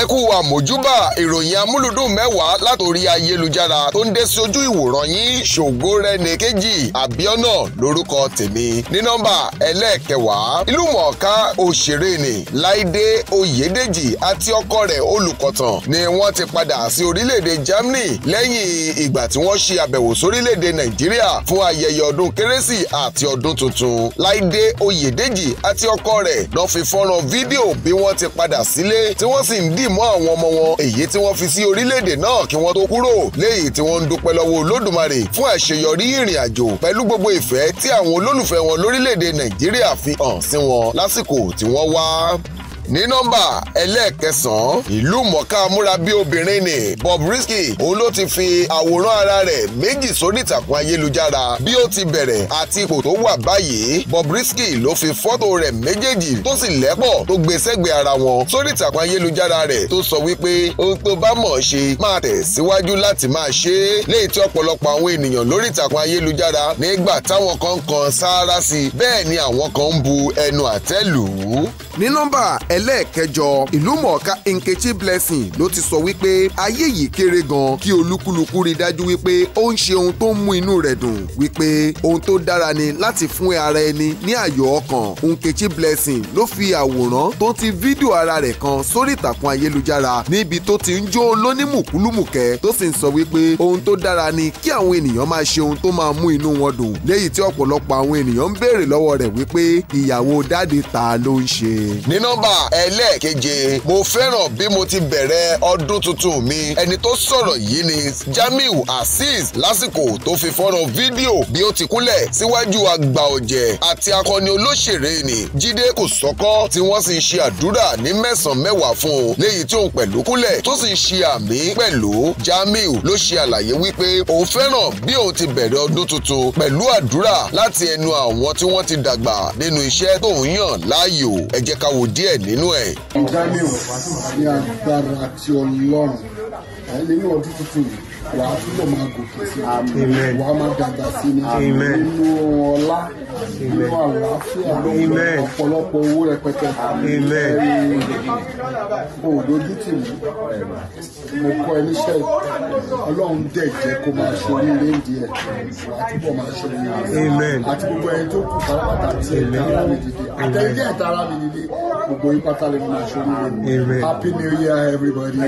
ẹ kú àmójúbà ìròyìn amúlùdùn mẹ́wàá látòrí ayélujára tó ń dé sí ojú ìwòran yín ṣògo rẹni kejì àbíọ́nà lórúkọ tèmi ní nọ́mbà ẹlẹ́ẹ̀kẹwàá ìlúmọ̀ọ́ká òṣèré ni láìdé oyèdèjì àti ọkọ rẹ̀ olùkọ̀tàn ni wọ́n ti padà sí orílẹ̀-èdè germany lẹ́yìn ìgbà tí wọ́n ṣe àbẹ̀wò sórílẹ̀-èdè nàìjíríà fún ayẹyẹ ọdún kérésì àti ọdún tuntun láìdé oyèdèjì àti ọkọ rẹ̀ lọ́ fi fọ́nrán fídíò bí wọ́n ti padà sílé tí wọ́n sì ń dì mọ́ àwọn ọmọ wọn èyí tí wọ́n fi sí orílẹ̀-èdè náà kí wọ́n tó kúrò léyìí tí wọ́n ń dúpẹ́ lọ́wọ́ olódùmarè fún àṣeyọrí ìrìn àjò pẹ̀lú gbogbo ìfẹ́ tí àwọn olólùfẹ́ wọn lórílẹ̀-èdè nàìjíríà fi hàn sí wọn lásìkò tí wọ́n wá ní nọ́mbà ẹlẹ́ẹ̀kẹsàn-án ìlú mọ̀ká amúrabí obìnrin ni Bobrisky òun ló ti fi àwòrán ara rẹ̀ méjì sórí ìtàkùn ayélujára bí ó ti bẹ̀rẹ̀ àti ipò tó wà báyìí Bobrisky ló fi fọ́tò rẹ̀ méjèèjì tó sì lẹ́pọ̀ tó gbé sẹ́gbẹ̀ẹ́ ara wọn sórí ìtàkùn ayélujára rẹ̀ tó sọ wípé ohun tó bá mọ̀ ṣe máa tẹ̀ síwájú láti máa ṣe é léyìí tí ọ̀pọ̀lọpọ̀ àwọn ènìyàn lórí ìtàkùn ayélujára nígbà táwọn kan kan sáárá sí bẹ́ẹ̀ ni àwọn kan ń bu ẹnu àtẹ́ ní nọ́mbà ẹlẹ́ẹ̀kẹjọ ìlúmọ̀ọ́ká Nkechi Blessing ló ti sọ wípé ayé yìí kéré gan kí olúkúlùkù rí dájú wípé ó ń ṣe ohun tó ń mú inú rẹ̀ dùn wípé ohun tó dára ni láti fún ara ẹni ní àyọ̀ ọkàn Nkechi Blessing ló fi àwòrán tó ti fídíò ara rẹ̀ kan sórí ìtàkùn ayélujára níbi tó ti ń jó lónímùkúlùmùkẹ́ tó sì ń sọ wípé ohun tó dára ni kí àwọn ènìyàn máa ṣe ohun tó máa mú inú wọn dùn léyìí tí ọ̀pọ̀lọpọ̀ àwọn ènìyàn ń béèrè lọ́wọ́ rẹ̀ wípé ìyàwó dáde ta ló ń ṣe ní nọ́mbà ẹlẹ́ẹ̀keje mo fẹ́ràn bí mo ti bẹ̀rẹ̀ ọdún tuntun mi ẹni tó sọ̀rọ̀ yìí ni Jamiu Azeez lásìkò tó fi fọ́nrán fídíò bí ó ti kúnlẹ̀ síwájú àgbà ọ̀jẹ̀ àti akọni olóṣèré ni Jídé Kòsọ́kọ́ tí wọ́n sì ń ṣe àdúrà ní mẹ́sàn-án mẹ́wàá fún un léyìí tí òun pẹ̀lú kúnlẹ̀ tó sì ń ṣe àmì pẹ̀lú Jamiu ló ṣe àlàyé wípé òun fẹ́ràn bí òun ti bẹ̀rẹ̀ ọdún tuntun pẹ̀lú àdúrà láti ẹnu àwọn tí wọ́n ti dàgbà nínú iṣẹ́ tóun yàn láàyò ẹ jẹ́ ká díẹ̀ nínú ẹ̀. daniel ní agbára ti ọlọ́run nínú ọdún tuntun wàá túbọ̀ máa gòkè sí i wàá máa dàgbà sí i nínú ọlá nínú àlàáfíà ọ̀pọ̀lọpọ̀ owó rẹpẹtẹ o dojú tì mí mo kọ́ ẹ níṣẹ́ ọlọ́run dẹ̀ jẹ́ kó máa ṣe oríire ń di wàá túbọ̀ máa ṣe oríire àti gbogbo ẹni tó kù pátápátá tí ẹ̀ tara mi dìde àtẹ̀yẹ́ tara mi dìde happy new year everybody.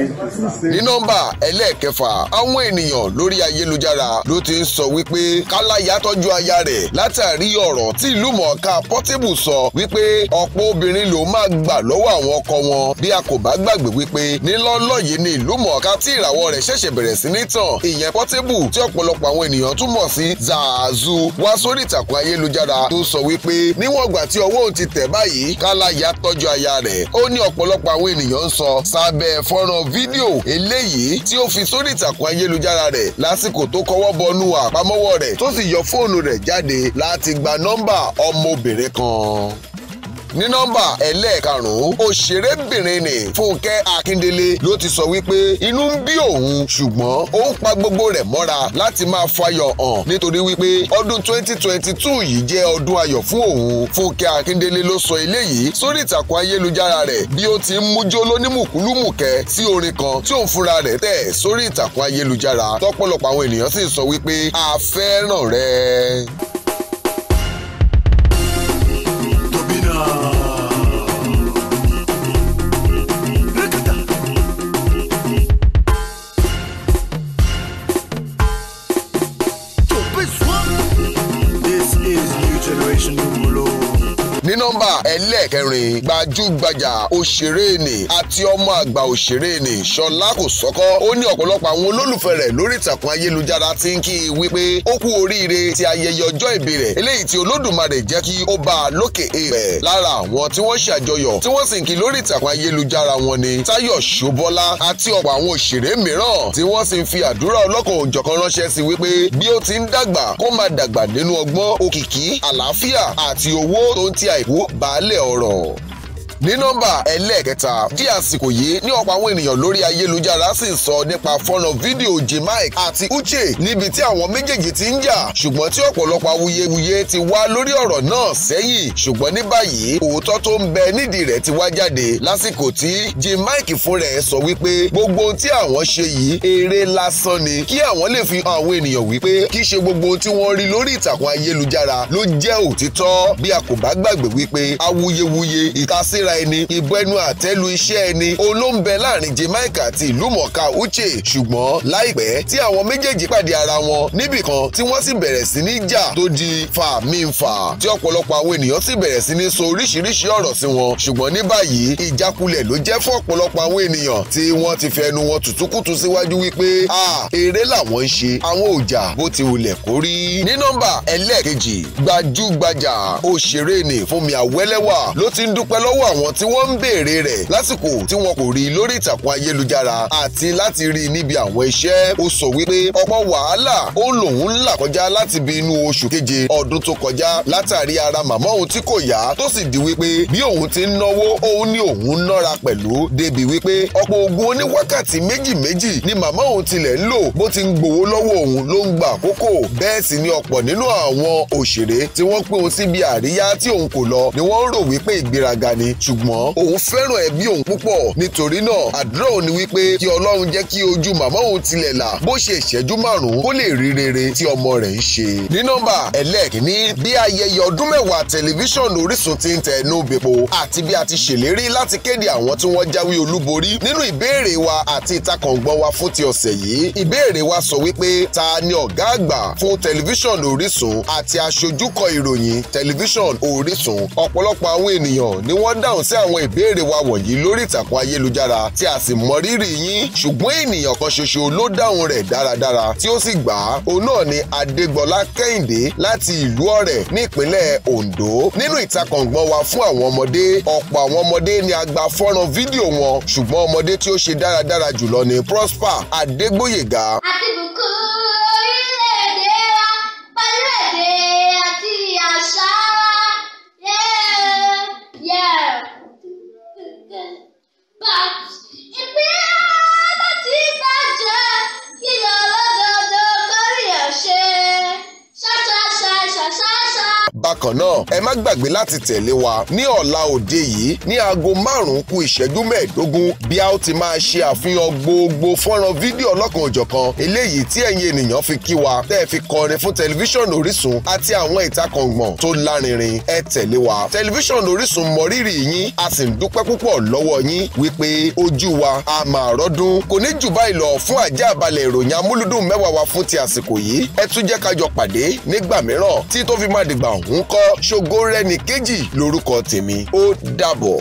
ní nọ́mbà ẹlẹ́ẹ̀kẹfà àwọn ènìyàn lórí ayélujára ló ti ń sọ wípé káláyà tọ́jú aya rẹ̀ látàrí ọ̀rọ̀ tí ìlú mọ̀ọ́ká Portable sọ wípé ọ̀pọ̀ obìnrin ló máa gbà lọ́wọ́ àwọn ọkọ wọn bí a kò bá gbàgbé wípé nílọ́lọ́ yìí ni ìlú mọ̀ọ́ká tí ìràwọ̀ rẹ̀ ṣẹ̀ṣẹ̀ bẹ̀rẹ̀ sí ní tàn ìyẹn Portable tí ọ̀pọ̀lọpọ̀ àwọn ènìyàn tún mọ̀ sí Zazu wá sórí ìtàkùn ayélujára tó sọ wípé níwọ̀n ìgbà tí ọwọ́ ti tẹ̀ báyìí káláyà ìyá tọ́jú aya rẹ̀ ó ní ọ̀pọ̀lọpọ̀ àwọn ènìyàn ń sọ sábẹ́ fọ́nrán fídíò eléyìí tí ó fi sórí ìtàkùn ayélujára rẹ̀ lásìkò tó kọwọ́ bọnú àpamọ́wọ́ rẹ̀ tó sì yọ fóònù rẹ̀ jáde láti gba nọ́mbà ọmọbìnrin kan ní nọ́mbà ẹlẹ́ẹ̀karùn-ún òṣèrébìnrin ni Fúnkẹ́ Akíndélé ló ti sọ wípé inú ń bí òun ṣùgbọ́n ó ń pa gbogbo rẹ̀ mọ́ra láti máa fayọ̀ hàn nítorí wípé ọdún 2022 yìí jẹ́ ọdún ayọ̀ fún òun Fúnkẹ́ Akíndélé ló sọ eléyìí sórí ìtàkùn ayélujára rẹ̀ bí ó ti ń mújó lónímùkúlùmùkẹ́ sí orin kan tí òun fúnra rẹ̀ tẹ̀ sórí ìtàkùn ayélujára tọ́pọ̀lọpọ̀ àwọn ènìyàn sì sọ wípé a fẹ́ràn nọ́mbà ẹlẹ́ẹ̀kẹrin gbajúgbajà òṣèré ni àti ọmọ àgbà òṣèré ni Ṣọlá Kòsọ́kọ́ ó ní ọ̀pọ̀lọpọ̀ àwọn olólùfẹ́ rẹ̀ lórí ìtàkùn ayélujára ti ń kí i wípé ó kú oríire ti ayẹyẹ ọjọ́ ìbí rẹ̀ eléyìí tí Olódùmarè jẹ́ kí ó bá a lókè èèpẹ̀ lára àwọn tí wọ́n ṣàjọyọ̀ tí wọ́n sì ń kí lórí ìtàkùn ayélujára wọn ni Táyọ̀ Ṣóbọ́lá àti ọ̀pọ̀ àwọn òṣèré mìíràn tí wọ́n sì ń fi àdúrà ọlọ́kan òjọ̀kan ránṣẹ́ sí wípé bí ó ti ń dàgbà kó máa dàgbà nínú ọgbọ́n òkìkí àlàáfíà àti owó tó ń ti àìkú baálẹ̀ ọ̀rọ̀ ní nọ́mbà ẹlẹ́ẹ̀kẹta di àsìkò yìí ní ọ̀pọ̀ àwọn ènìyàn lórí ayélujára sì ń sọ nípa fọ́nà fídíò Jemaik àti Uche níbi tí àwọn méjèèjì ti ń jà ṣùgbọ́n tí ọ̀pọ̀lọpọ̀ awuyewuye ti wá lórí ọ̀rọ̀ náà sẹ́yìn ṣùgbọ́n ní báyìí òótọ́ tó ń bẹ nídìí rẹ̀ ti wá jáde lásìkò tí Jemaik fún rẹ̀ sọ wípé gbogbo ohun tí àwọn ṣe yìí eré lásán ni kí àwọn lè fi hàn àwọn ènìyàn wípé kì í ṣe gbogbo tí wọ́n rí lórí ìtàkùn ayélujára ló jẹ́ òtítọ́ bí a kò bá gbàgbé wípé awuyewuye ìtasír ìkórìíra ẹni ìbẹnu àtẹ́lu iṣẹ́ ẹni olóńbẹ láàrin Jamaica àti ìlúmọ̀ọ́ká Uche ṣùgbọ́n láìpẹ́ tí àwọn méjèèjì pàdé ara wọn níbì kan tí wọ́n sì bẹ̀rẹ̀ sí ní jà tó di fàmífà tí ọ̀pọ̀lọpọ̀ àwọn ènìyàn sì bẹ̀rẹ̀ sí ní sọ oríṣiríṣi ọ̀rọ̀ sí wọn ṣùgbọ́n ní báyìí ìjákulẹ̀ ló jẹ́ fún ọ̀pọ̀lọpọ̀ àwọn ènìyàn tí wọ́n ti fi ẹnu wọn tùtùkùtù síwájú wípé a eré làwọn ń ṣe àwọn òjà bó ti wulẹ̀ kó rí. ní nọ́mbà ẹlẹ́ẹ̀kejì gbajúgbajà òṣèré ni Fúnmi Àwẹ́lẹ́wà ló ti ń dúpẹ́ lọ́wọ́ àwọn àwọn tí wọ́n ń béèrè rẹ̀ lásìkò tí wọn kò rí lórí ìtàkùn ayélujára àti láti rí níbi àwọn iṣẹ́ ó sọ wípé ọ̀pọ̀ wàhálà ó lòun ń là kọjá láti bí inú oṣù keje ọdún tó kọjá látàrí ara màmá òun tí kò yá tó sì di wípé bí òun ti ń náwó òun ni òun ń nára pẹ̀lú débi wípé ọ̀pọ̀ oògùn oníwákàtí méjì méjì ni màmá òun tilẹ̀ ń lò bó ti ń gbowó lọ́wọ́ òun ló ń gba àkókò bẹ́ẹ̀ sì ni ọ̀pọ̀ nínú àwọn òṣèré tí wọ́n pín òun síbi àríyá tí òun kò lọ ni wọ́n rò wípé ìgbéraga ni ṣ ṣùgbọ́n òun fẹ́ràn ẹbí òun púpọ̀ nítorí náà àdúrà òun ni wípé kí ọlọ́run jẹ́ kí ojú màmá òun tilẹ̀ là bó ṣe ìṣẹ́jú márùn-ún kó lè rí rere tí ọmọ rẹ̀ ń ṣe. ní nọ́mbà ẹlẹ́ẹ̀kínní bí ayẹyẹ ọdún mẹ́wàá tẹlifíṣàn Orísun ti ń tẹnu bèpo àti bí a ti ṣèlérí láti kéde àwọn tí wọ́n jáwé olúborí nínú ìbéèrè wa àti ìtakọ̀ngbọ̀n wa fún ti ọ̀sẹ̀ yìí ìbéèrè wa sọ wípé ta ni ọ̀gá àgbà fún tẹlifíṣàn Orísun àti aṣojúkọ ìròyìn tẹlifíṣàn Orísun ọ̀pọ̀lọpọ̀ àwọn ènìyàn ni wọ́n dáhùn dáhùn sí àwọn ìbéèrè wa wọ̀nyí lórí ìtàkùn ayélujára tí a sì mọ rírì yín ṣùgbọ́n ènìyàn kan ṣoṣo ló dáhùn rẹ̀ dáradára tí ó sì gbà á òun náà ni Adégbọlá Kẹ́hìndé láti ìlú Ọ̀rẹ̀ nípínlẹ̀ Ondo nínú ìtakọ̀ngbọ̀n wa fún àwọn ọmọdé ọ̀pọ̀ àwọn ọmọdé ni a gba fọ́nrán fídíò wọn ṣùgbọ́n ọmọdé tí ó ṣe dáradára jùlọ ni Prosper Adégbóyèga. àtìbùkù orílẹ̀-èdè wa pẹ̀lú èdè àti àṣà Bye. bákan náà ẹ má gbàgbé láti tẹ̀lé wa ní ọ̀la òde yìí ní aago márùn-ún kù ìṣẹ́jú mẹ́ẹ̀ẹ́dógún bí a ó ti máa ṣe àfihàn gbogbo fọ́nrán fídíò ọlọ́kan òjọ̀kan eléyìí tí ẹ̀yin ènìyàn fi kí wa tẹ́ ẹ fi kọrin fún tẹlifíṣàn Orísun àti àwọn ìtakọ̀ngbọ̀n tó lárinrin ẹ tẹ̀lé wa tẹlifíṣàn Orísun mọrírì yín a sì ń dúpẹ́ púpọ̀ lọ́wọ́ yín wípé ojú wa a máa rọ́dún kò ní jù báyìí lọ fún àjẹ́ àbálẹ̀ ìròyìn amúlùdùn mẹ́wàá wa fún ti àsìkò yìí ẹ tún jẹ́ ká pàdé nígbà mìíràn tí tó fi má dìgbà òun òun kọ́ ṣògo rẹ̀ nìkejì lórúkọ tèmi ó dàbọ̀.